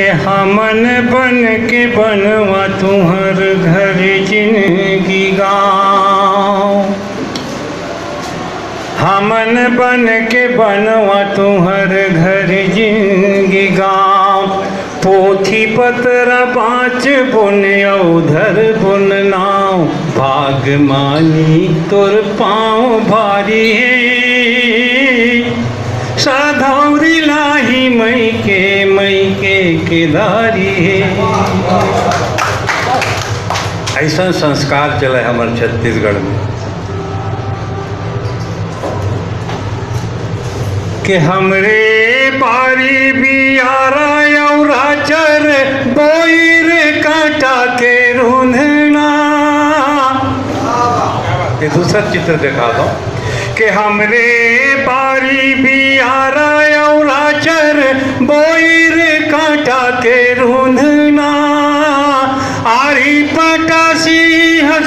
के हमन हाँ बन के बनवा तुहर घर जिंदगी गाँव हमन हाँ बन के बनवा तुहर घर जिंदगी गाँव पोथी पतरा पाँच बुन उधर बुन नाव भाग मानी तुर पाँव भारी है साधौरी लाही मई के खिलारी ऐसा संस्कार चले हमारे छत्तीसगढ़ में कि हमरे बारी आ रहा चर बोर काटा के रूंधना दूसरा चित्र दिखा दो कि हमरे बारी आ रहा चर बोर का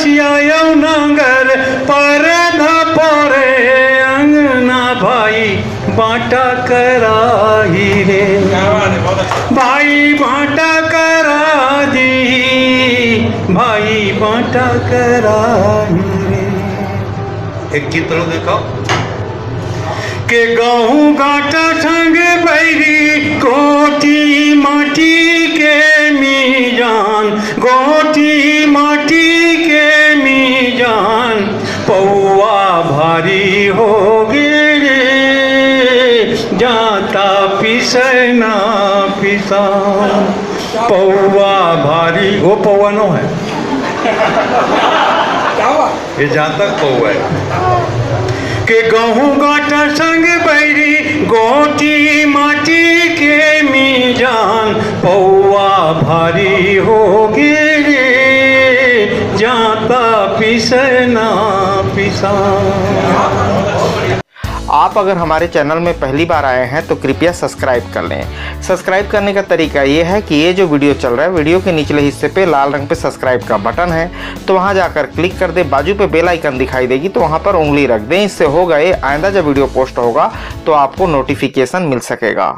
छियाऊ पर अंगना भाई बाटा कराही रे भाई बाटा करा दी भाई बाटा कराही रे एक गीत देखो के गहू गाटा संग बैरी कोटी माटी के मीजान गोटी भारी आभारी रे जाता पिसना पिसा पौवा भारी वो पौवा नो है ये जाता पौवा है के गहूँ गाटा संग बैरी गोटी माटी के जान पौवा भारी होगी पिसे ना पिसा आप अगर हमारे चैनल में पहली बार आए हैं तो कृपया सब्सक्राइब कर लें सब्सक्राइब करने का तरीका ये है कि ये जो वीडियो चल रहा है वीडियो के निचले हिस्से पे लाल रंग पे सब्सक्राइब का बटन है तो वहाँ जाकर क्लिक कर दें बाजू पे बेल आइकन दिखाई देगी तो वहाँ पर उंगली रख दें इससे होगा ये आइंदा जब वीडियो पोस्ट होगा तो आपको नोटिफिकेशन मिल सकेगा